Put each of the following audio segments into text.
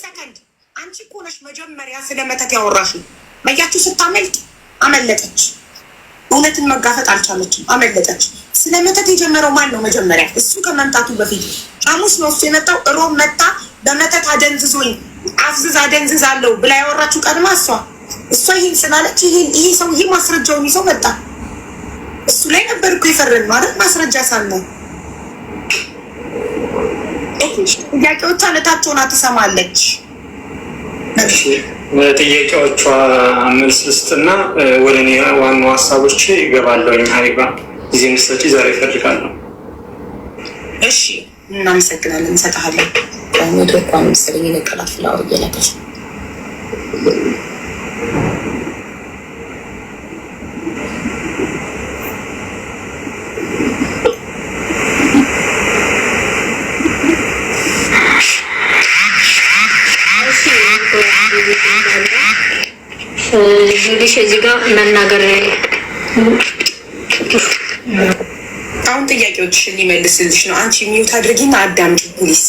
ሰከንድ አንቺ እኮ ነሽ መጀመሪያ ስለ መተት ያወራሽ። በያችሁ ስታመልጥ አመለጠች። እውነትን መጋፈጥ አልቻለችም፣ አመለጠች። ስለ መተት የጀመረው ማን ነው? መጀመሪያ እሱ ከመምጣቱ በፊት ሐሙስ ነው እሱ የመጣው። ሮብ መጣ። በመተት አደንዝዞኝ አፍዝዝ አደንዝዝ አለው ብላ ያወራችሁ ቀድማ እሷ እሷ ይህን ስላለች ይሄ ሰውዬ ማስረጃውን ይዘው መጣ። እሱ ላይ ነበር እኮ የፈረን ማለት ማስረጃ ሳለ ጥያቄዎቿን እታች ሆና ትሰማለች። ጥያቄዎቿ መልስ ልስጥና ወደ እኔ ዋና ሀሳቦች ይገባለሁኝ። ሀሪባ ጊዜ ምስጠጪ ዛሬ ይፈልጋሉ። እሺ፣ እናመሰግናለን። እንሰጥሃለን ኔትወርክ መሰለኝ የነቀላት ፍላወር እየለቀች ይኸውልሽ እዚህ ጋር መናገር አሁን ጥያቄዎችሽን ሊመልስልሽ ነው። አንቺ ሚውት አድርጊና አዳምጪ ፕሊስ።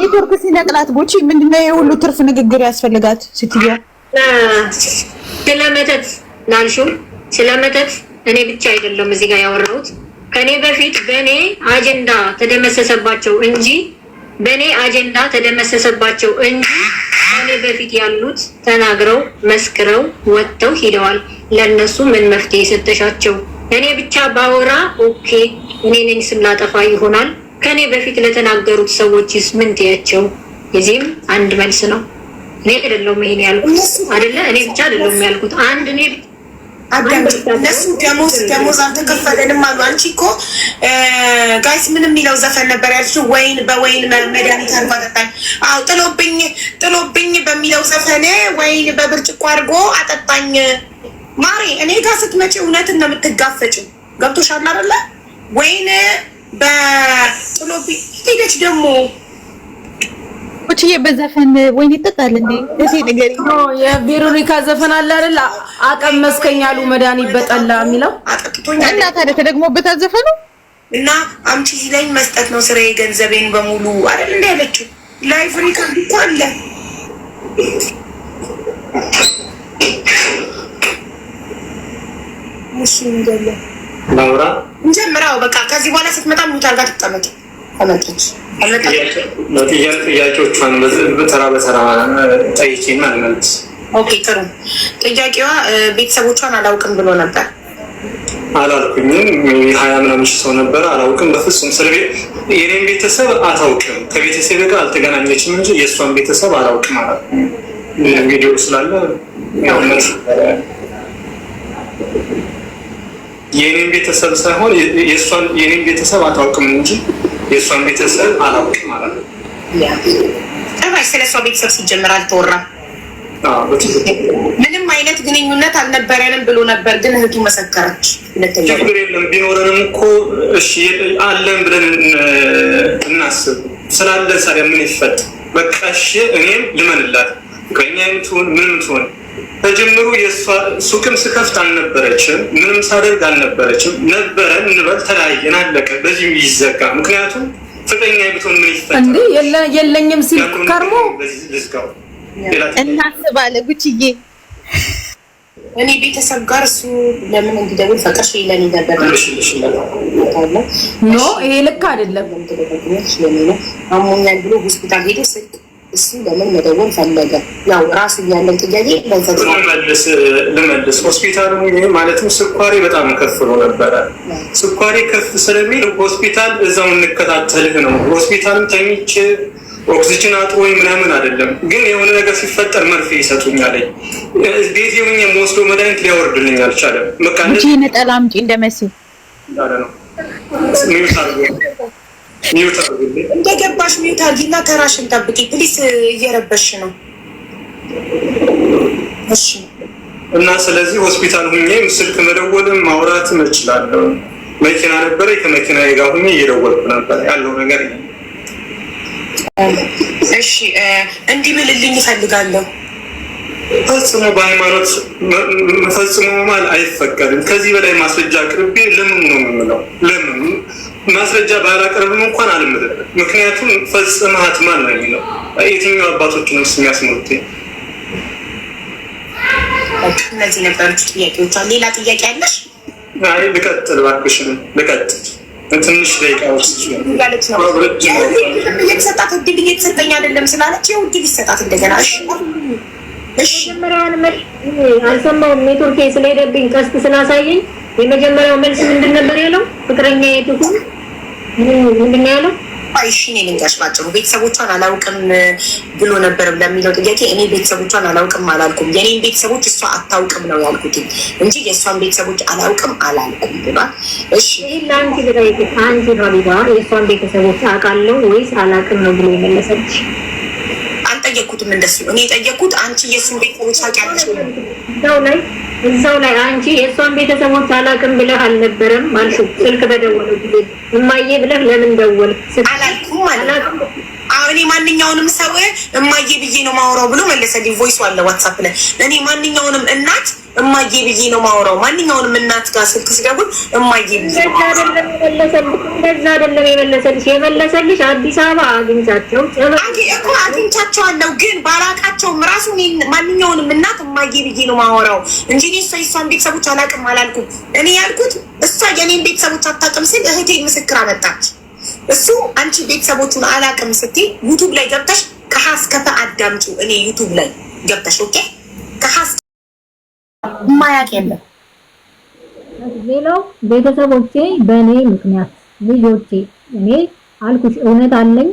ኔትወርክ ሲነቅላት ቦቺ ምንድነው የሁሉ ትርፍ ንግግር ያስፈልጋት? ስትያ ስለ መተት ላልሽው እኔ ብቻ አይደለም እዚህ ጋር ያወራሁት ከእኔ በፊት በእኔ አጀንዳ ተደመሰሰባቸው እንጂ በእኔ አጀንዳ ተደመሰሰባቸው እንጂ ከኔ በፊት ያሉት ተናግረው መስክረው ወጥተው ሂደዋል። ለእነሱ ምን መፍትሄ የሰጠሻቸው? እኔ ብቻ ባወራ ኦኬ፣ እኔ ነኝ ስም ላጠፋ ይሆናል። ከእኔ በፊት ለተናገሩት ሰዎችስ ምን ትያቸው? የዚህም አንድ መልስ ነው። እኔ አይደለሁም ይሄን ያልኩት አይደለ፣ እኔ ብቻ አይደለሁም ያልኩት አንድ እኔ እነሱ ደሞዝ ደሞዝ አልተከፈለንም አሉ። አንቺ እኮ ጋይስ ምን የሚለው ዘፈን ነበር ያልሽው? ወይን በወይን መድኃኒት አርጎ አጠጣኝ። አዎ ጥሎብኝ ጥሎብኝ በሚለው ዘፈን ወይን በብርጭቆ አድርጎ አጠጣኝ። ማሬ እኔ ጋር ስትመጪ እውነትን ነው የምትጋፈጭው። ገብቶሻል አይደለ? ወይን በጥሎብኝ ሄደች ደግሞ ቁጭዬ በዘፈን ወይን ይጠጣል እንዴ? እሺ ነገር ነው። የቬሮኒካ ዘፈን አለ አይደል? አቀመስከኝ አሉ መዳኒ በጠላ የሚለው እና ታዲያ ተደግሞበታል ዘፈኑ እና አምጪ ሲለኝ መስጠት ነው ስራ ገንዘቤን በሙሉ አይደል እንዴ ያለችው። ላይፍ ሪከርድ እኮ አለ። ላውራ እንጀምራው በቃ። ከዚህ በኋላ ስትመጣ ሙት አድርጋ ትቀመጥ። ተመጣች ጥያቄዎቿን ተራ በተራ ጠይቄና እንመልስ። ኦኬ ጥሩ። ጥያቄዋ ቤተሰቦቿን አላውቅም ብሎ ነበር። አላልኩኝም። ሀያ ምናምን ሰው ነበረ። አላውቅም በፍጹም ስለ የኔን ቤተሰብ አታውቅም፣ ከቤተሰብ ጋር አልተገናኘችም እንጂ የእሷን ቤተሰብ አላውቅም አላልኩ። ቪዲዮ ስላለ የኔን ቤተሰብ ሳይሆን የኔን ቤተሰብ አታውቅም እንጂ የእሷን ቤተሰብ አላውቅም ማለት ነው። ጭራሽ ስለ እሷ ቤተሰብ ሲጀምር አልተወራም። ምንም አይነት ግንኙነት አልነበረንም ብሎ ነበር፣ ግን እህቱ መሰከረች። ችግር የለም ቢኖረንም እኮ እሺ አለን ብለን እናስብ። ስላለን ሳሪያ ምን ይፈጥ በቃ እሺ እኔም ልመንላት ከኛ አይነቱን ምንም ትሆን በጅምሩ ሱቅም ስከፍት አልነበረችም፣ ምንም ሳደርግ አልነበረችም። ነበረ እንበል ተለያየን፣ አለቀ። በዚህም ይዘጋ። ምክንያቱም ፍቅረኛ ብትሆን ምን ይፈጠራል? የለኝም ሲል ከርሞ እናስባለ ጉችዬ እኔ ቤተሰብ ጋር እሱ ለምን እንዲደውል ፈቀሽ ይለን ነበር። ኖ ይሄ ልክ አይደለም አሞኛል ብሎ ሆስፒታል ሄደ ስልክ እሱ ለምን መደወል ፈለገ? ያው ራሱ ያለን ጥያቄ ልመልስ። ሆስፒታሉ ማለትም ስኳሬ በጣም ከፍ ብሎ ነበረ። ስኳሬ ከፍ ስለሚል ሆስፒታል እዛው እንከታተልህ ነው። ሆስፒታልም ተኝቼ ኦክሲጅን አጥሮኝ ምናምን አይደለም፣ ግን የሆነ ነገር ሲፈጠር መርፌ ይሰጡኛል። ቤት የሆኝ የምወስዶ መድኃኒት ሊያወርድልኝ አልቻለም። ነጠላ አምጪ እንደመሲ ነው እንደገባሽ ሚዩት አድርጊና ተራሽን ጠብቂ ፕሊስ። እየረበሽ ነው። እሺ። እና ስለዚህ ሆስፒታል ሁኜ ስልክ መደወልም ማውራትም እችላለሁ። መኪና ነበረ፣ ከመኪና ጋር ሁኜ እየደወልኩ ነበር ያለው ነገር። እሺ፣ እንዲህ ብልልኝ እፈልጋለሁ። ፈጽሞ በሃይማኖት ፈጽሞ ማል አይፈቀድም። ከዚህ በላይ ማስረጃ አቅርቤ ለምን ነው የምምለው? ለምን ማስረጃ ባላቀረብም እንኳን አልምርም። ምክንያቱም ፈጽመህ ማን ነው የሚለው። የትኛው አባቶች ነው የሚያስምሩት? እነዚህ ነበሩት ጥያቄዎች። ሌላ ጥያቄ አለሽ? አይ ልቀጥል እባክሽ፣ ልቀጥል ትንሽ ደቂቃ ውስጥ እየተሰጣት እድል እየተሰጠኝ አይደለም ስላለች ይኸው እድል ይሰጣት እንደገና። የመጀመሪያውን መልስ አልሰማሁም፣ ኔትወርክ ስለሄደብኝ ቀስት ስላሳየኝ። የመጀመሪያው መልስ ምንድን ነበር ያለው? ፍቅረኛ የትሁን ምንድን ነው ያለው? እሺ እኔ ልንገርሽ ባጭሩ ቤተሰቦቿን አላውቅም ብሎ ነበርም ለሚለው ጥያቄ እኔ ቤተሰቦቿን አላውቅም አላልኩም። የኔን ቤተሰቦች እሷ አታውቅም ነው ያልኩትኝ እንጂ የእሷን ቤተሰቦች አላውቅም አላልኩም ብሏል። እሺ ይህ ለአንቺ ልጠይቅ። አንቺ ራቢባ የእሷን ቤተሰቦች አውቃለሁ ወይስ አላውቅም ነው ብሎ የመለሰች? አልጠየቅኩትም እንደሱ። እኔ የጠየቅኩት አንቺ የእሱን ቤተሰቦች ታውቂያለሽ ነው ላይ እዛው ላይ አንቺ የእሷን ቤተሰቦች አላውቅም ብለህ አልነበረም አልሽው። ስልክ በደወሉ ጊዜ እማዬ ብለህ ለምን ደወል አላልኩም እኔ ማንኛውንም ሰው እማዬ ብዬ ነው ማውራው ብሎ መለሰልኝ። ቮይሱ አለ ዋትሳፕ ላይ እኔ ማንኛውንም እናት እማዬ ብዬ ነው ማውራው። ማንኛውንም እናት ጋር ስልክ ስደውል እማዬ ብዬ ነው። እንደዛ አይደለም የመለሰልሽ። የመለሰልሽ አዲስ አበባ አግኝቻቸው እኮ አግኝቻቸዋለሁ ግን ባላቃቸውም ራሱ ማንኛውንም እናት እማዬ ብዬ ነው የማወራው እንጂ እኔ እሷ የእሷን ቤተሰቦች አላውቅም አላልኩም። እኔ ያልኩት እሷ የእኔን ቤተሰቦች አታውቅም ስል እህቴ ምስክር አመጣች። እሱ አንቺ ቤተሰቦቹን አላውቅም ስትይ ዩቱብ ላይ ገብተሽ ከሀ እስከ ፐ አዳምጪ። እኔ ዩቱብ ላይ ገብተሽ ኦኬ፣ ከሀ እስከ የለም። ሌላው ቤተሰቦቼ በእኔ ምክንያት ልጆቼ እኔ አልኩሽ እውነት አለኝ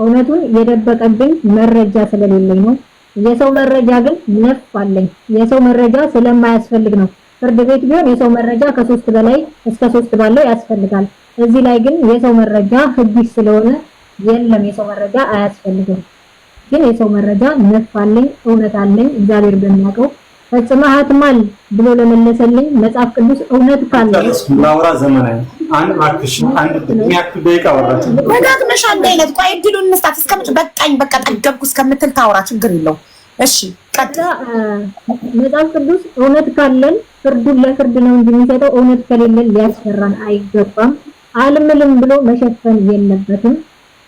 እውነቱን የደበቀብኝ መረጃ ስለሌለኝ ነው። የሰው መረጃ ግን ነፍ አለኝ። የሰው መረጃ ስለማያስፈልግ ነው። ፍርድ ቤት ቢሆን የሰው መረጃ ከሶስት በላይ እስከ ሶስት ባለው ያስፈልጋል። እዚህ ላይ ግን የሰው መረጃ ህግ ስለሆነ የለም፣ የሰው መረጃ አያስፈልግም። ግን የሰው መረጃ ነፍ አለኝ፣ እውነት አለኝ እግዚአብሔር በሚያውቀው ፈጽመሃትማል ብሎ ለመለሰልኝ መጽሐፍ ቅዱስ እውነት ካለ ማውራ ዘመናዊ አንድ ማክሽ አንድ የሚያክል ደቂቃ አወራች። ደጋግመሽ አንድ አይነት ቆይ እድሉን እንስጣት እስከምት በቃኝ በቃ ጠገብኩ እስከምትል ታውራ ችግር የለው። እሺ ቀጥታ መጽሐፍ ቅዱስ እውነት ካለን ፍርዱን ለፍርድ ነው እንጂ የሚሰጠው እውነት ከሌለን ሊያስፈራን አይገባም። አልምልም ብሎ መሸፈን የለበትም።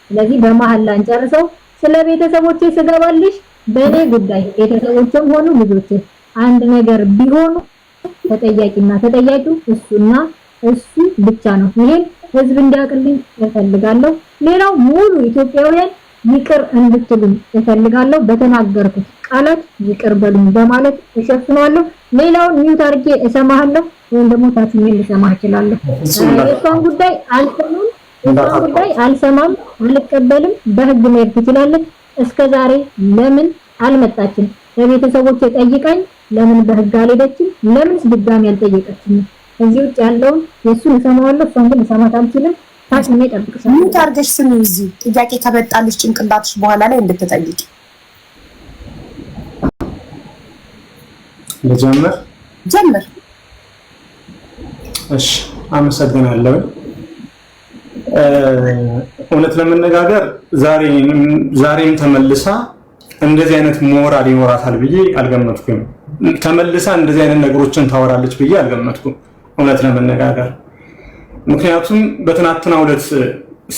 ስለዚህ በመሀል አንጨርሰው ስለ ቤተሰቦቼ ስገባልሽ በእኔ ጉዳይ ቤተሰቦችም ሆኑ ልጆች አንድ ነገር ቢሆኑ ተጠያቂና ተጠያቂው እሱና እሱ ብቻ ነው። ይሄን ህዝብ እንዲያውቅልኝ እፈልጋለሁ። ሌላው ሙሉ ኢትዮጵያውያን ይቅር እንድትሉኝ እፈልጋለሁ። በተናገርኩት ቃላት ይቅር በሉኝ በማለት እሸፍነዋለሁ። ሌላውን ሚዩት አድርጌ እሰማሃለሁ ወይም ደግሞ ታትሜ ልሰማ እችላለሁ። የእሷን ጉዳይ አልሰማም፣ የእሷን ጉዳይ አልሰማም፣ አልቀበልም። በህግ መሄድ ትችላለች። እስከ ዛሬ ለምን አልመጣችም? ለቤተሰቦች ጠይቀኝ። ለምን በህግ አልሄደችም? ለምንስ ድጋሚ አልጠየቀችም? እዚህ ውጭ ያለውን የእሱን እሰማዋለሁ፣ እሷን ግን እሰማት አልችልም። ታስሜ ጠብቅ። ምን ታርገሽ ስሚ፣ እዚህ ጥያቄ ከመጣልሽ ጭንቅላትሽ በኋላ ላይ እንድትጠይቅ ልጀምር ጀምር። እሺ፣ አመሰግናለሁ። እውነት ለመነጋገር ዛሬም ተመልሳ እንደዚህ አይነት ሞራል ይኖራታል ብዬ አልገመትኩኝም። ተመልሳ እንደዚህ አይነት ነገሮችን ታወራለች ብዬ አልገመትኩም፣ እውነት ለመነጋገር ምክንያቱም በትናትና ዕለት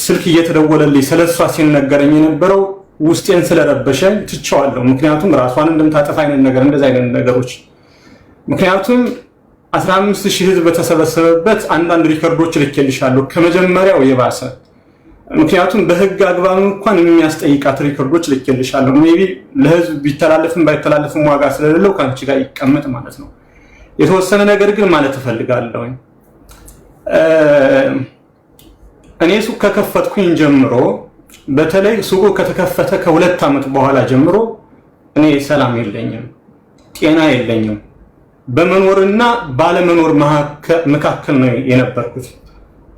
ስልክ እየተደወለልኝ ስለሷ ሲነገረኝ የነበረው ውስጤን ስለረበሸ ትቸዋለሁ። ምክንያቱም ራሷን እንደምታጠፋ አይነት ነገር እንደዚህ አይነት ነገሮች ምክንያቱም 15 ሺህ ህዝብ በተሰበሰበበት አንዳንድ ሪከርዶች ልኬልሻለሁ ከመጀመሪያው የባሰ ምክንያቱም በህግ አግባብ እንኳን የሚያስጠይቃት ሪኮርዶች ልኬልሻለሁ። ሜይ ቢ ለህዝብ ቢተላለፍም ባይተላለፍም ዋጋ ስለሌለው ከአንቺ ጋር ይቀመጥ ማለት ነው። የተወሰነ ነገር ግን ማለት እፈልጋለሁ። እኔ ሱቅ ከከፈትኩኝ ጀምሮ በተለይ ሱቁ ከተከፈተ ከሁለት ዓመት በኋላ ጀምሮ እኔ ሰላም የለኝም፣ ጤና የለኝም። በመኖርና ባለመኖር መካከል ነው የነበርኩት።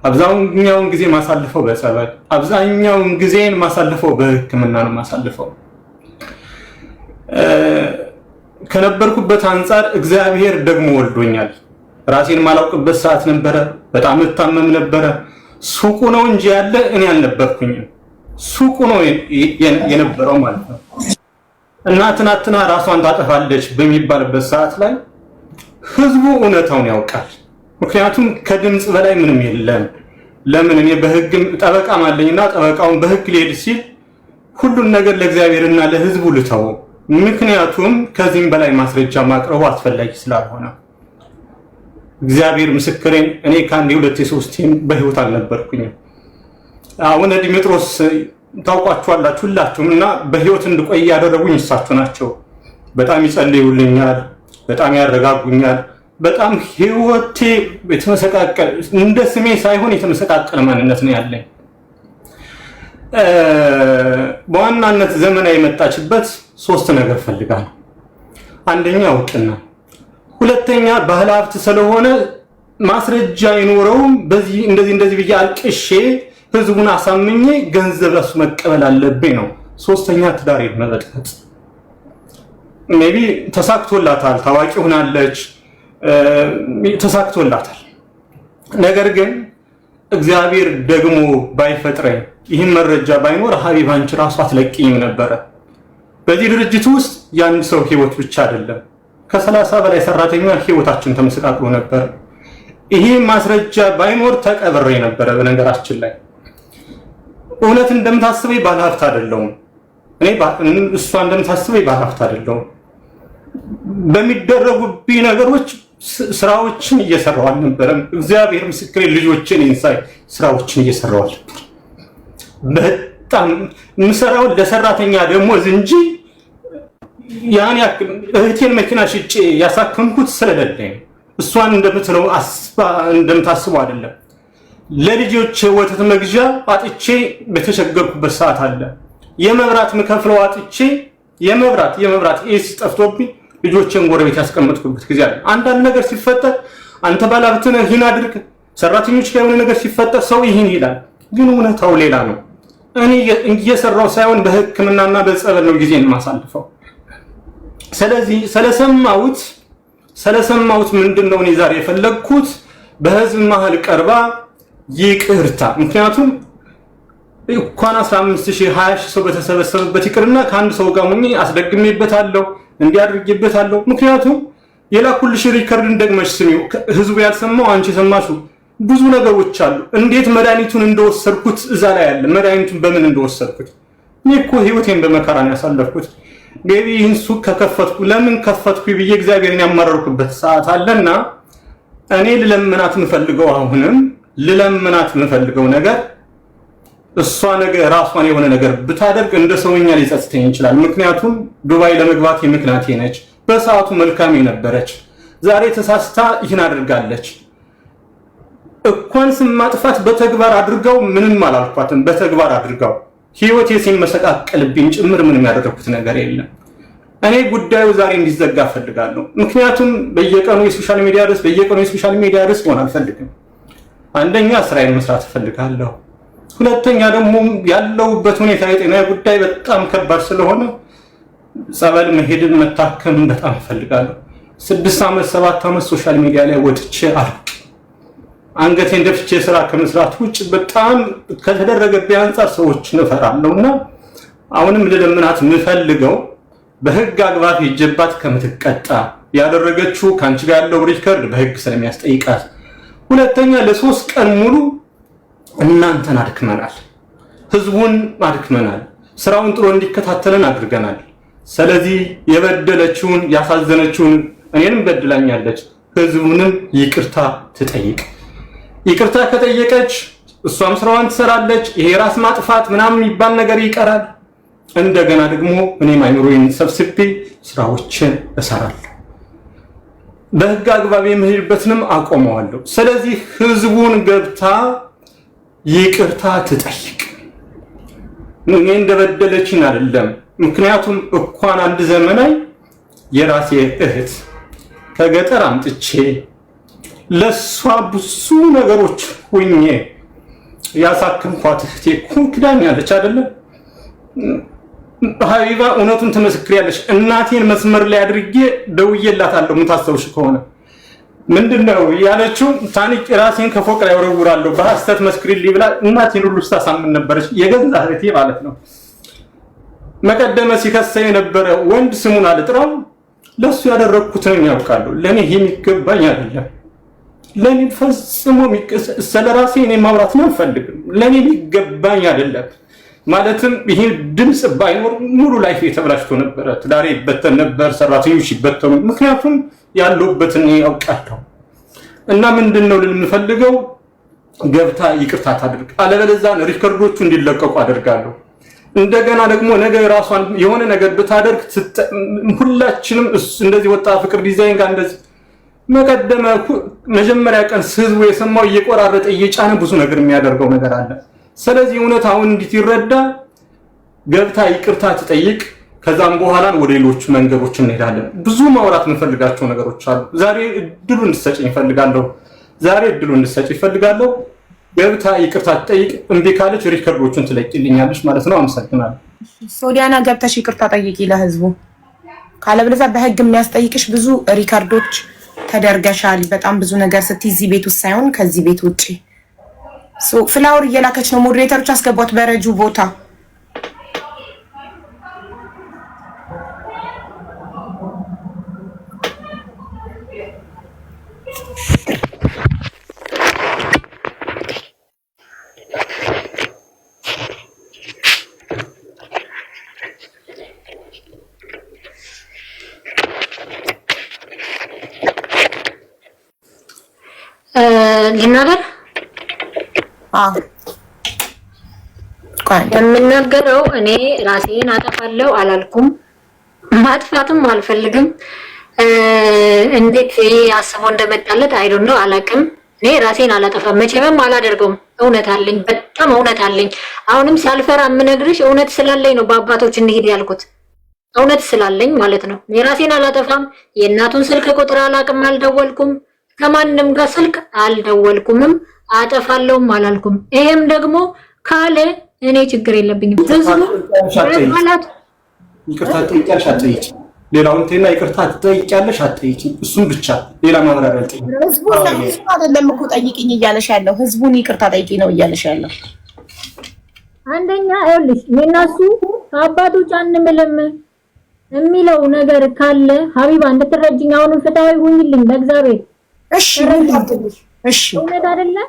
አብዛኛውን ጊዜ ማሳልፈው በጸበል አብዛኛውን ጊዜን ማሳልፈው በሕክምና ነው ማሳልፈው። ከነበርኩበት አንጻር እግዚአብሔር ደግሞ ወልዶኛል። ራሴን ማላውቅበት ሰዓት ነበረ። በጣም እታመም ነበረ። ሱቁ ነው እንጂ ያለ እኔ አልነበርኩኝም። ሱቁ ነው የነበረው ማለት ነው። እና ትናትና ራሷን ታጠፋለች በሚባልበት ሰዓት ላይ ህዝቡ እውነታውን ያውቃል። ምክንያቱም ከድምፅ በላይ ምንም የለም። ለምን እኔ በህግም ጠበቃም አለኝና ጠበቃውን በህግ ሊሄድ ሲል ሁሉን ነገር ለእግዚአብሔርና ለህዝቡ ልተው። ምክንያቱም ከዚህም በላይ ማስረጃ ማቅረቡ አስፈላጊ ስላልሆነ እግዚአብሔር ምስክሬን፣ እኔ ከአንድ ሁለት ሶስቴም በህይወት አልነበርኩኝም። አቡነ ዲሜጥሮስ ታውቋችኋላችሁ ሁላችሁም እና በህይወት እንድቆይ ያደረጉኝ እሳቸው ናቸው። በጣም ይጸልዩልኛል፣ በጣም ያረጋጉኛል። በጣም ህይወቴ የተመሰቃቀለ እንደ ስሜ ሳይሆን የተመሰቃቀለ ማንነት ነው ያለኝ። በዋናነት ዘመና የመጣችበት ሶስት ነገር ፈልጋ ነው። አንደኛ እውቅና፣ ሁለተኛ ባህል ሀብት ስለሆነ ማስረጃ አይኖረውም። በዚህ እንደዚህ እንደዚህ ብዬ አልቅሼ ህዝቡን አሳምኜ ገንዘብ ራሱ መቀበል አለብኝ ነው። ሶስተኛ ትዳር መበጥበጥ። ሜይ ቢ ተሳክቶላታል፣ ታዋቂ ሆናለች ተሳክቶላታል። ነገር ግን እግዚአብሔር ደግሞ ባይፈጥረኝ ይህን መረጃ ባይኖር ሀቢብ አንቺ ራሱ አትለቅኝም ነበረ። በዚህ ድርጅት ውስጥ የአንድ ሰው ህይወት ብቻ አይደለም፣ ከሰላሳ በላይ ሰራተኛ ህይወታችን ተመሰቃቅሎ ነበር። ይሄ ማስረጃ ባይኖር ተቀብሬ ነበረ። በነገራችን ላይ እውነት እንደምታስበኝ ባለሀብት አይደለሁም እኔ እሷ እንደምታስበኝ ባለሀብት አይደለሁም። በሚደረጉብኝ ነገሮች ስራዎችን እየሰራው አልነበረም። እግዚአብሔር ምስክሬ ልጆችን ኢንሳይ ስራዎችን እየሰራው አልነበረም። በጣም የምሰራውን ለሰራተኛ ደሞዝ እንጂ ያን ያክል እህቴን መኪና ሽጬ ያሳከምኩት ስለሌለኝ እሷን እንደምትለው እንደምታስበው አይደለም። ለልጆቼ ወተት መግዣ አጥቼ በተቸገርኩበት ሰዓት አለ። የመብራት ምከፍለው አጥቼ የመብራት የመብራት ኤሲ ጠፍቶብኝ ልጆችን ጎረቤት ያስቀመጥኩበት ጊዜ አለ። አንዳንድ ነገር ሲፈጠር አንተ ባለሀብት ይህን አድርግ፣ ሰራተኞች ከሆነ ነገር ሲፈጠር ሰው ይህን ይላል፣ ግን እውነታው ሌላ ነው። እኔ እየሰራው ሳይሆን በህክምናና በጸበል ነው ጊዜ የማሳልፈው። ስለዚህ ስለሰማሁት ስለሰማሁት ምንድን ነው እኔ ዛሬ የፈለግኩት በህዝብ መሀል ቀርባ ይቅርታ ምክንያቱም እንኳን 15 ሺህ 20 ሺህ ሰው በተሰበሰበበት ይቅርና ከአንድ ሰው ጋር ሙኝ አስደግሜበታለሁ። እንዲህ አድርጌበታለሁ። ምክንያቱም የላኩልሽ ሪከርድን ደግመሽ ስሚው፣ ህዝቡ ያልሰማው አንቺ የሰማሽው ብዙ ነገሮች አሉ። እንዴት መድኃኒቱን እንደወሰድኩት እዛ ላይ አለ። መድኃኒቱን በምን እንደወሰድኩት እኔ እኮ ህይወቴን በመከራ ነው ያሳለፍኩት። ቤቢ ይህን ሱቅ ከከፈትኩ ለምን ከፈትኩ ብዬ እግዚአብሔርን ያማረርኩበት ሰዓት አለና እኔ ልለምናት የምፈልገው አሁንም ልለምናት የምፈልገው ነገር እሷ ነገ ራሷን የሆነ ነገር ብታደርግ እንደ ሰውኛ ሊጸጽተኝ ይችላል። ምክንያቱም ዱባይ ለመግባት ምክንያቴ ነች። በሰዓቱ መልካም የነበረች ዛሬ ተሳስታ ይህን አድርጋለች። እኳን ስም ማጥፋት በተግባር አድርገው ምንም አላልኳትም። በተግባር አድርገው ህይወት ሲመሰቃቀልብኝ ጭምር ምንም ያደረግኩት ነገር የለም። እኔ ጉዳዩ ዛሬ እንዲዘጋ እፈልጋለሁ። ምክንያቱም በየቀኑ የሶሻል ሚዲያ ርዕስ በየቀኑ የሶሻል ሚዲያ ርዕስ ሆን አልፈልግም። አንደኛ ስራዬን መስራት እፈልጋለሁ። ሁለተኛ ደግሞ ያለውበት ሁኔታ የጤና ጉዳይ በጣም ከባድ ስለሆነ ጸበል መሄድን መታከምን በጣም እፈልጋለሁ። ስድስት ዓመት ሰባት ዓመት ሶሻል ሚዲያ ላይ ወጥቼ አልቅ አንገቴን ደፍቼ ስራ ከመስራት ውጭ በጣም ከተደረገብኝ አንጻር ሰዎች እፈራለሁ እና አሁንም ልለምናት የምፈልገው በህግ አግባብ ይጀባት ከምትቀጣ ያደረገችው ከአንቺ ጋር ያለው ሪከርድ በህግ ስለሚያስጠይቃት፣ ሁለተኛ ለሶስት ቀን ሙሉ እናንተን አድክመናል፣ ህዝቡን አድክመናል፣ ስራውን ጥሎ እንዲከታተለን አድርገናል። ስለዚህ የበደለችውን ያሳዘነችውን እኔንም በድላኛለች፣ ህዝቡንም ይቅርታ ትጠይቅ። ይቅርታ ከጠየቀች እሷም ስራዋን ትሰራለች። ይሄ ራስ ማጥፋት ምናምን የሚባል ነገር ይቀራል። እንደገና ደግሞ እኔም አይምሮዬን ሰብስቤ ስራዎችን እሰራለሁ፣ በህግ አግባብ የምሄድበትንም አቆመዋለሁ። ስለዚህ ህዝቡን ገብታ ይቅርታ ትጠይቅ። እኔ እንደበደለችን አይደለም። ምክንያቱም እንኳን አንድ ዘመናይ የራሴ እህት ከገጠር አምጥቼ ለእሷ ብዙ ነገሮች ሁኜ ያሳክምኳት እህቴ ኩንክዳኝ ያለች አይደለም። ሀቢባ እውነቱን ትመስክሪያለች። እናቴን መስመር ላይ አድርጌ ደውዬላታለሁ ምታስተውሽ ከሆነ ምንድን ነው ያለችው? ታንቄ ራሴን ከፎቅ ላይ ወረውራለሁ በሀሰት መስክሪን ሊብላ እናቴን ሁሉ ስታሳምን ነበረች። የገዛ እህቴ ማለት ነው። መቀደመ ሲከሰ የነበረ ወንድ ስሙን አልጥራው። ለእሱ ያደረግኩትን ያውቃሉ። ለእኔ ይህ የሚገባኝ አይደለም። ለእኔ ፈጽሞ ስለ ራሴ እኔ ማውራትን አልፈልግም። ለእኔ የሚገባኝ አይደለም። ማለትም ይሄ ድምፅ ባይኖር ሙሉ ላይፍ የተበላሽቶ ነበረ። ትዳሬ ይበተን ነበር፣ ሰራተኞች ይበተኑ። ምክንያቱም ያለሁበትን ያውቃለሁ። እና ምንድን ነው ልንፈልገው ገብታ ይቅርታ ታድርግ፣ አለበለዚያ ሪከርዶቹ እንዲለቀቁ አደርጋለሁ። እንደገና ደግሞ ነገ ራሷን የሆነ ነገር ብታደርግ ሁላችንም እንደዚህ ወጣ ፍቅር ዲዛይን ጋር እንደዚህ መቀደመ መጀመሪያ ቀን ህዝቡ የሰማው እየቆራረጠ እየጫነ ብዙ ነገር የሚያደርገው ነገር አለ። ስለዚህ እውነታውን ይረዳ ገብታ ይቅርታ ትጠይቅ። ከዛም በኋላ ወደ ሌሎች መንገዶች እንሄዳለን። ብዙ ማውራት የምንፈልጋቸው ነገሮች አሉ። ዛሬ እድሉ እንድሰጭ ይፈልጋለሁ። ዛሬ እድሉ እንድሰጭ ይፈልጋለሁ። ገብታ ይቅርታ ትጠይቅ። እምቢ ካለች ሪከርዶቹን ትለቅልኛለች ማለት ነው። አመሰግናለሁ። ሶዲያና ገብተሽ ይቅርታ ጠይቂ ለህዝቡ። ካለብለዛ በህግ የሚያስጠይቅሽ ብዙ ሪከርዶች ተደርገሻል። በጣም ብዙ ነገር ስትይ እዚህ ቤት ውስጥ ሳይሆን ከዚህ ቤት ውጭ ፍላወር እየላከች ነው። ሞዴሬተሮች አስገቧት በረጁ ቦታ ሊናገር የምናገረው እኔ ራሴን አጠፋለሁ አላልኩም። ማጥፋትም አልፈልግም። እንዴት አስቦ እንደመጣለት አይዶ ነው አላውቅም። እኔ ራሴን አላጠፋም፣ መቼምም አላደርገውም። እውነት አለኝ፣ በጣም እውነት አለኝ። አሁንም ሳልፈራ የምነግርሽ እውነት ስላለኝ ነው በአባቶች እንሄድ ያልኩት እውነት ስላለኝ ማለት ነው። ራሴን አላጠፋም። የእናቱን ስልክ ቁጥር አላውቅም፣ አልደወልኩም። ከማንም ጋር ስልክ አልደወልኩምም። አጠፋለውም አላልኩም። ይሄም ደግሞ ካለ እኔ ችግር የለብኝም። ዝም ይቅርታ ትጠይቂያለሽ አጠይቂ ሌላውን ቴና ይቅርታ ትጠይቂያለሽ አትጠይቂ። እሱም ብቻ ሌላ ማብራሪያ ልጠይቅ። ህዝቡ አይደለም እኮ ጠይቅኝ እያለሽ ያለው ህዝቡን ይቅርታ ጠይቂ ነው እያለሽ ያለው። አንደኛ ይኸውልሽ የእናሱ ከአባቱ ጫን ምልም የሚለው ነገር ካለ ሀቢባ እንድትረጅኝ አሁንም ፍትሃዊ ሁኝልኝ በእግዚአብሔር። እሺ እሺ፣ እውነት አይደለም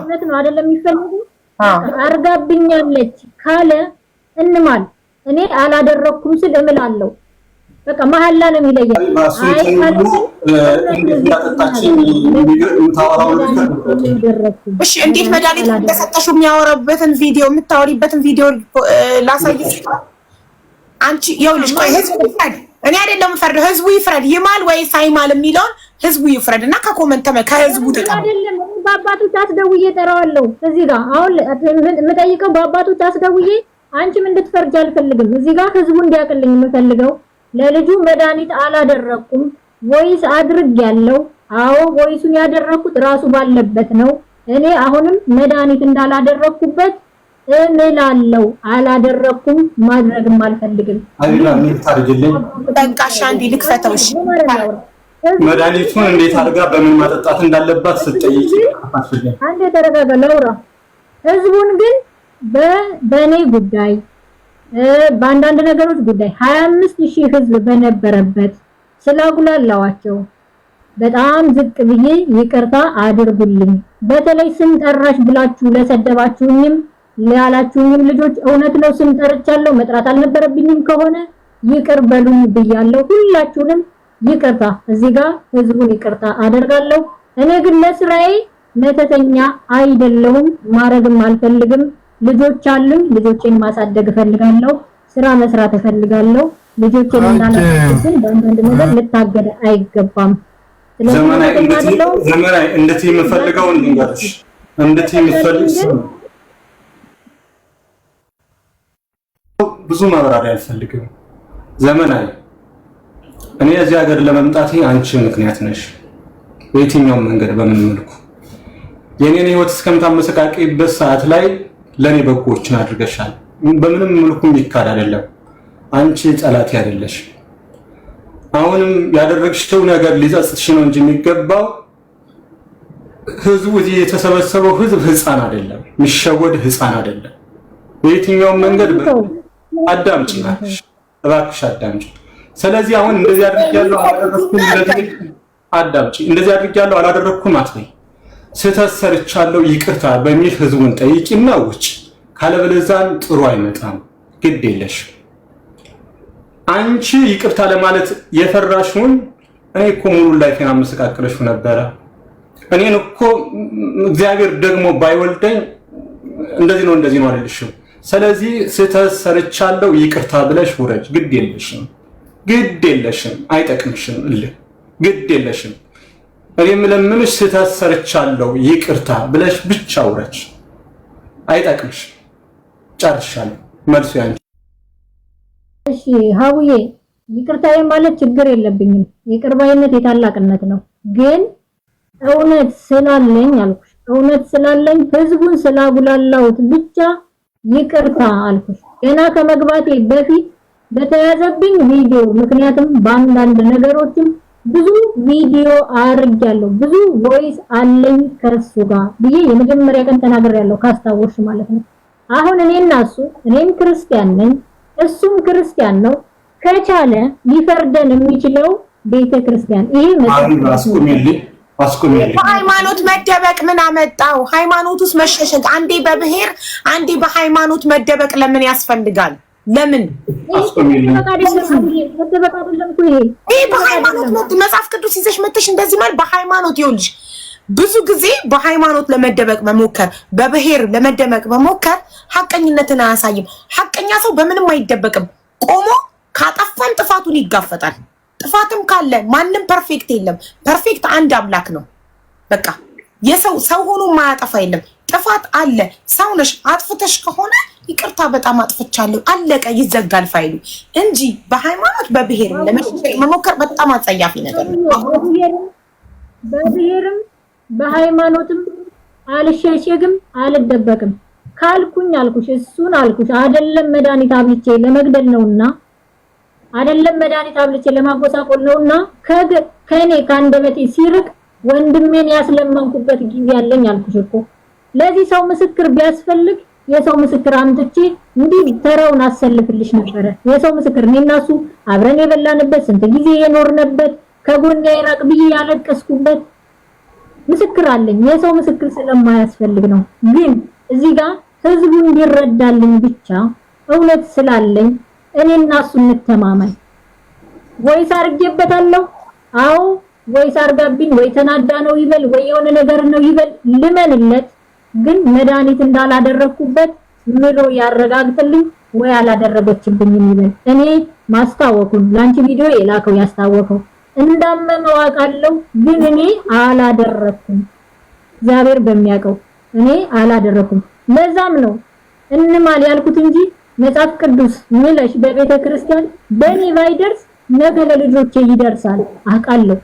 እውነት ነው አይደለም የሚፈልጉ አርጋብኛለች ካለ እንማል እኔ አላደረኩም ስል እምላለሁ። በቃ መሀላ ነው የሚለየው። አይ እሺ፣ እንዴት መድኃኒት እንደሰጠሽው የሚያወራበትን ቪዲዮ የምታወሪበትን ቪዲዮ ላሳይ። አንቺ ይኸውልሽ፣ ቆይ ህዝቡ ይፍረድ፣ እኔ አይደለም የምፈርደው። ህዝቡ ይፍረድ፣ ይማል ወይስ አይማል የሚለውን ህዝቡ ይፍረድ እና ከኮመንት ከህዝቡ ተቀበል በአባቶች አስደውዬ እጠራዋለሁ። እዚህ ጋር አሁን የምጠይቀው በአባቶች አስደውዬ አንቺም እንድትፈርጅ አልፈልግም። እዚህ ጋር ህዝቡ እንዲያቅልኝ የምፈልገው ለልጁ መድኃኒት አላደረኩም ወይስ አድርግ ያለው? አዎ ወይሱን ያደረኩት ራሱ ባለበት ነው። እኔ አሁንም መድኃኒት እንዳላደረኩበት እምላለሁ። አላደረኩም፣ ማድረግም አልፈልግም። አይላ ምን ታርጅልኝ? በቃ ሻንዲ ልክፈተውሽ መድኃኒቱን እንዴት አድርጋ በምን ማጠጣት እንዳለባት ስትጠይቂ፣ አንዴ ተረጋጋ ለውራ። ህዝቡን ግን በእኔ ጉዳይ በአንዳንድ ነገሮች ጉዳይ ሀያ አምስት ሺህ ህዝብ በነበረበት ስላጉላላዋቸው በጣም ዝቅ ብዬ ይቅርታ አድርጉልኝ። በተለይ ስም ጠራሽ ብላችሁ ለሰደባችሁኝም ላላችሁኝም ልጆች እውነት ነው ስም ጠርቻለሁ፣ መጥራት አልነበረብኝም ከሆነ ይቅር በሉኝ ብያለሁ ሁላችሁንም ይቅርታ እዚህ ጋር ህዝቡን ይቅርታ አደርጋለሁ። እኔ ግን ለስራዬ መተተኛ አይደለሁም፣ ማረግም አልፈልግም። ልጆች አሉኝ፣ ልጆቼን ማሳደግ እፈልጋለሁ፣ ስራ መስራት እፈልጋለሁ። ልጆቼን እንዳላስችል በአንዳንድ ነገር ልታገደ አይገባም። ዘመናዊ እንዴት የምፈልገው እንዲንጋች እንዴት የምፈልግ ብዙ ማብራሪያ አልፈልግም። ዘመናዊ እኔ እዚህ ሀገር ለመምጣቴ አንቺ ምክንያት ነሽ። በየትኛውም መንገድ በምን መልኩ የእኔን ህይወት እስከምታመሰቃቂበት ሰዓት ላይ ለእኔ በጎዎችን አድርገሻል። በምንም መልኩ የሚካድ አይደለም። አንቺ ጸላት ያደለሽ አሁንም ያደረግሽው ነገር ሊጸጽትሽ ነው እንጂ የሚገባው ህዝቡ እዚህ የተሰበሰበው ህዝብ ህፃን አይደለም፣ የሚሸወድ ህፃን አይደለም። በየትኛውም መንገድ አዳምጭ፣ ናሽ፣ እባክሽ አዳምጭ። ስለዚህ አሁን እንደዚህ አድርጌያለሁ አላደረኩም ብለህ አዳምጪ። እንደዚህ አድርጌያለሁ አላደረኩም አትበይ። ስህተት ሰርቻለሁ ይቅርታ በሚል ህዝቡን ጠይቂና ውጭ። ካለበለዚያን ጥሩ አይመጣም። ግድ የለሽ አንቺ ይቅርታ ለማለት የፈራሽውን እኔ እኮ ሙሉ ላይ ጤና መሰቃቅለሽው ነበረ። እኔን እኮ እግዚአብሔር ደግሞ ባይወልደኝ እንደዚህ ነው እንደዚህ ነው አልልሽም። ስለዚህ ስህተት ሰርቻለሁ ይቅርታ ብለሽ ውረጅ። ግድ የለሽም። ግድ የለሽም፣ አይጠቅምሽም፣ እልህ ግድ የለሽም። እኔም ለምንሽ ስህተት ሰርቻለሁ ይቅርታ ብለሽ ብቻ ውረች። አይጠቅምሽም። ጨርሻለሁ። መልሱ ያንቺ። እሺ ሀውዬ ይቅርታዬ ማለት ችግር የለብኝም። ይቅር የታላቅነት ነው። ግን እውነት ስላለኝ አልኩሽ፣ እውነት ስላለኝ ህዝቡን ስላጉላላሁት ብቻ ይቅርታ አልኩሽ ገና ከመግባቴ በፊት በተያዘብኝ ቪዲዮ ምክንያትም በአንዳንድ ነገሮችም ብዙ ቪዲዮ አድርጌያለሁ። ብዙ ቮይስ አለኝ ከሱ ጋር ብዬ የመጀመሪያ ቀን ተናግሬያለሁ፣ ካስታወሽ ማለት ነው። አሁን እኔና እሱ እኔም ክርስቲያን ነኝ፣ እሱም ክርስቲያን ነው። ከቻለ ሊፈርደን የሚችለው ቤተ ክርስቲያን ይሄ በሃይማኖት መደበቅ ምን አመጣው? ሃይማኖት ውስጥ መሸሸግ፣ አንዴ በብሔር አንዴ በሃይማኖት መደበቅ ለምን ያስፈልጋል? ለምን በሃይማኖት መጽሐፍ ቅዱስ ይዘሽ መተሽ እንደዚህ ማለት በሃይማኖት ይኸውልሽ፣ ብዙ ጊዜ በሃይማኖት ለመደበቅ መሞከር፣ በብሔር ለመደመቅ መሞከር ሀቀኝነትን አያሳይም። ሀቀኛ ሰው በምንም አይደበቅም። ቆሞ ካጠፋም ጥፋቱን ይጋፈጣል። ጥፋትም ካለ ማንም ፐርፌክት የለም። ፐርፌክት አንድ አምላክ ነው። በቃ የሰው ሰው ሆኖ ማያጠፋ የለም። ጥፋት አለ። ሰው ነሽ አጥፍተሽ ከሆነ ይቅርታ በጣም አጥፍቻለሁ፣ አለቀ፣ ይዘጋል ፋይሉ እንጂ በሃይማኖት በብሄር ለመሸሸግ መሞከር በጣም አጸያፊ ነገር ነው። በብሔርም በሃይማኖትም አልሸሸግም፣ አልደበቅም ካልኩኝ አልኩሽ፣ እሱን አልኩሽ አይደለም መድኃኒት አብልቼ ለመግደል ነውና አይደለም መድኃኒት አብልቼ ለማጎሳቆል ነውና ከኔ ከአንደበቴ ሲርቅ ወንድሜን ያስለመንኩበት ጊዜ ያለኝ አልኩሽ እኮ ለዚህ ሰው ምስክር ቢያስፈልግ የሰው ምስክር አምጥቼ እንዲህ ተራውን አሰልፍልሽ ነበረ። የሰው ምስክር እኔ እና እሱ አብረን የበላንበት ስንት ጊዜ የኖርንበት ከጎን ይራቅ ብዬ ያለቀስኩበት ምስክር አለኝ። የሰው ምስክር ስለማያስፈልግ ነው። ግን እዚህ ጋር ህዝቡ እንዲረዳልኝ ብቻ እውነት ስላለኝ እኔ እና እሱ እንተማማኝ። ወይስ አርጌበታለሁ? አዎ ወይስ አርጋብኝ ወይ ተናዳ ነው ይበል ወይ የሆነ ነገር ነው ይበል ልመንለት ግን መድኃኒት እንዳላደረግኩበት ምሮ ያረጋግጥልኝ ወይ አላደረገችብኝ የሚበል እኔ ማስታወኩን ለአንቺ ቪዲዮ የላከው ያስታወከው እንዳመመው አውቃለሁ፣ ግን እኔ አላደረኩም። እግዚአብሔር በሚያውቀው እኔ አላደረኩም። ለዛም ነው እንማል ያልኩት እንጂ መጽሐፍ ቅዱስ ምለሽ በቤተ ክርስቲያን በኔ ባይደርስ ነገ ለልጆቼ ይደርሳል። አውቃለሁ፣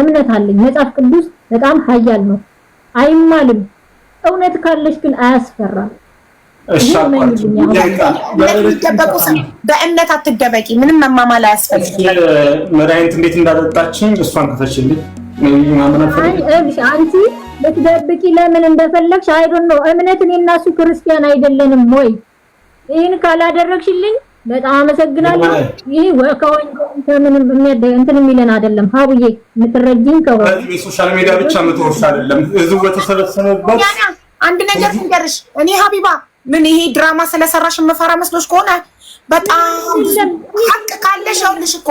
እምነት አለኝ። መጽሐፍ ቅዱስ በጣም ኃያል ነው፣ አይማልም። እውነት ካለሽ ግን አያስፈራም። በእምነት አትደበቂ። ምንም መማማል አያስፈልግም። መድኃኒት እንዴት እንዳጠጣችኝ እሷን ክፈችልኝ። አንቺ ልትደብቂ ለምን እንደፈለግሽ አይዶን ነው። እምነት እኔ እና እሱ ክርስቲያን አይደለንም ወይ? ይህን ካላደረግሽልኝ በጣም አመሰግናለሁ። ይሄ ከወንጀል ከምንም እንትን የሚለን አይደለም። ሀቡዬ የምትረጂኝ ከሆነ በሶሻል ሚዲያ ብቻ የምትወርሽ አይደለም። እዚሁ በተሰበሰበበት አንድ ነገር ስንደርሽ እኔ ሀቢባ ምን ይሄ ድራማ ስለሰራሽ የምፈራ መስሎሽ ከሆነ በጣም ሀቅ ካለሽ ይኸውልሽ እኮ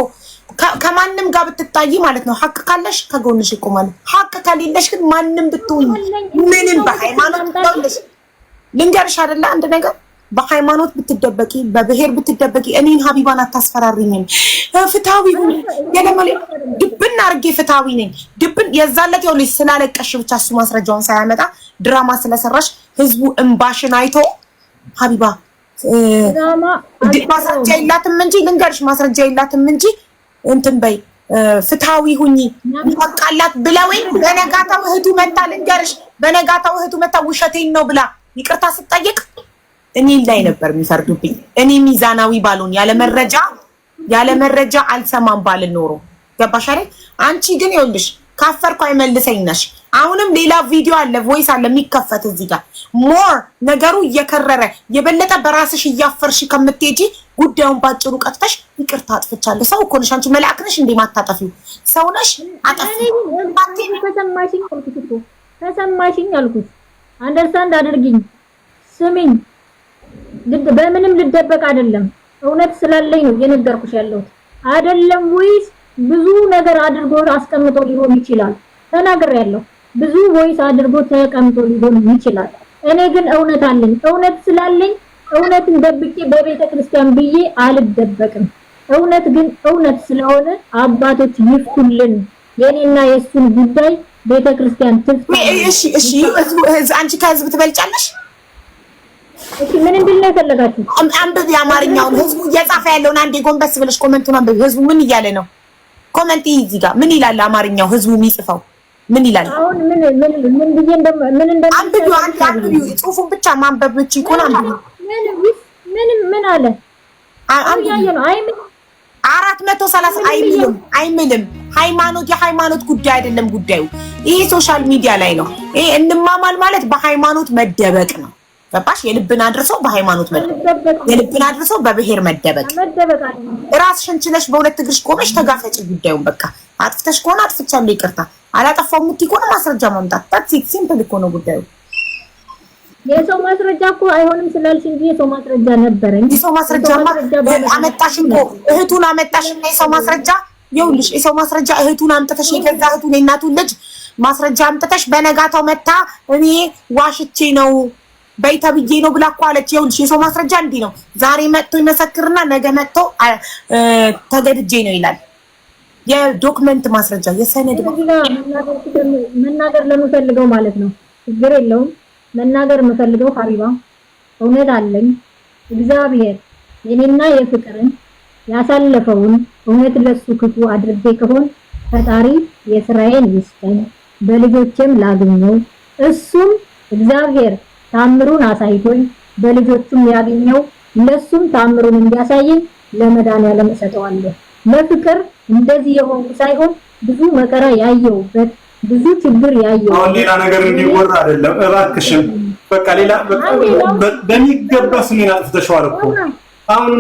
ከማንም ጋር ብትታይ ማለት ነው። ሀቅ ካለሽ ከጎንሽ ይቆማል። ሀቅ ከሌለሽ ግን ማንም ብትሆኝ ምንም በሃይማኖት ልንገርሽ አይደለ አንድ ነገር በሃይማኖት ብትደበቂ በብሔር ብትደበቂ እኔን ሀቢባን አታስፈራሪኝም። ፍትሃዊ ድብን አርጌ ፍትሃዊ ነኝ ድብን የዛለት የው ልጅ ስላለቀሽ ብቻ እሱ ማስረጃውን ሳያመጣ ድራማ ስለሰራሽ ህዝቡ እንባሽን አይቶ ሀቢባ ማስረጃ የላትም እንጂ ልንገርሽ ማስረጃ የላትም እንጂ እንትን በይ ፍትሃዊ ሁኚ ይፈቃላት ብለውኝ በነጋታው እህቱ መታ ልንገርሽ በነጋታው እህቱ መታ ውሸቴን ነው ብላ ይቅርታ ስጠይቅ እኔ ላይ ነበር የሚፈርዱብኝ። እኔ ሚዛናዊ ባልሆን ያለ መረጃ ያለ መረጃ አልሰማም ባልን ኖሮ ገባሽ አይደል? አንቺ ግን ይኸውልሽ ካፈርኩ አይመልሰኝ ነሽ። አሁንም ሌላ ቪዲዮ አለ፣ ቮይስ አለ የሚከፈት እዚህ ጋር ሞር ነገሩ እየከረረ የበለጠ በራስሽ እያፈርሽ ከምትሄጂ ጉዳዩን ባጭሩ ቀጥተሽ ይቅርታ አጥፍቻለሁ። ሰው እኮ ነሽ አንቺ፣ መልአክ ነሽ እንዴ? ማታጠፊው ሰው ነሽ። ተሰማሽኝ አልኩት፣ አንደርስታንድ አድርጊኝ፣ ስሚኝ በምንም ልደበቅ አይደለም። እውነት ስላለኝ ነው እየነገርኩሽ ያለሁት አይደለም ወይስ ብዙ ነገር አድርጎ አስቀምጦ ሊሆን ይችላል። ተናግሬ ብዙ ወይስ አድርጎ ተቀምጦ ሊሆን ይችላል። እኔ ግን እውነት አለኝ። እውነት ስላለኝ እውነትን ደብቄ በቤተ ክርስቲያን ብዬ አልደበቅም። እውነት ግን እውነት ስለሆነ አባቶች ይፍቱልን። የኔና የእሱን ጉዳይ ቤተ ክርስቲያን ትፍታ። እሺ፣ እሺ፣ አንቺ ከህዝብ ትበልጫለሽ። እሺ ምን እንድል ነው አንብብ የአማርኛውን። ህዝቡ እየጻፈ ያለውን አንዴ ጎንበስ ብለሽ ኮመንቱን አንብብ። ህዝቡ ምን እያለ ነው? ኮመንት እዚህ ጋር ምን ይላል? አማርኛው ህዝቡ የሚጽፈው ምን ይላል? አሁን ምን ምን ምን ብዬ ምን አንብብ አንብብ። ብቻ ማንበብ አንብብ። ምን ምን አለ? ነው አይ ምን አራት መቶ ሰላሳ አይምልም አይምልም። ሃይማኖት የሃይማኖት ጉዳይ አይደለም ጉዳዩ። ይሄ ሶሻል ሚዲያ ላይ ነው። ይሄ እንማማል ማለት በሃይማኖት መደበቅ ነው። ገባሽ? የልብን አድርሰው በሃይማኖት መደበቅ፣ የልብን አድርሰው በብሔር መደበቅ። ራስሽን ችለሽ በሁለት እግርሽ ቆመሽ ተጋፈጭ ጉዳዩን። በቃ አጥፍተሽ ከሆነ አጥፍቻለሁ ይቅርታ፣ አላጠፋው የምትይ ከሆነ ማስረጃ ማምጣት። ታክሲ ሲምፕል እኮ ነው ጉዳዩ። የሰው ማስረጃ እኮ አይሆንም ስላልሽ እንጂ የሰው ማስረጃ እንጂ የሰው ማስረጃ አመጣሽ እኮ እህቱን አመጣሽ እና የሰው ማስረጃ ይኸውልሽ፣ የሰው ማስረጃ እህቱን አምጥተሽ የገዛ እህቱን የእናቱን ልጅ ማስረጃ አምጥተሽ በነጋታው መታ እኔ ዋሽቼ ነው በይ ተብዬ ነው ብላ እኮ አለች። ይኸውልሽ የሰው ማስረጃ እንዲህ ነው። ዛሬ መጥቶ ይመሰክርና ነገ መጥቶ ተገድጄ ነው ይላል። የዶክመንት ማስረጃ የሰነድ መናገር ለምፈልገው ማለት ነው። ችግር የለውም። መናገር የምፈልገው ሀቢባ እውነት አለኝ። እግዚአብሔር የኔና የፍቅርን ያሳለፈውን እውነት ለሱ ክፉ አድርጌ ከሆን ፈጣሪ የስራዬን ይስጠኝ፣ በልጆቼም ላግኘው እሱም እግዚአብሔር ታምሩን አሳይቶኝ በልጆቹም ያገኘው ለሱም ታምሩን እንዲያሳየኝ ለመድኃኒዓለም እሰጠዋለሁ። ለፍቅር እንደዚህ የሆንኩ ሳይሆን ብዙ መከራ ያየውበት ብዙ ችግር ያየው አሁን ሌላ ነገር እንዲወራ አይደለም። እባክሽም በቃ ሌላ በሚገባ ስሜን አጥፍተሽዋል እኮ አሁን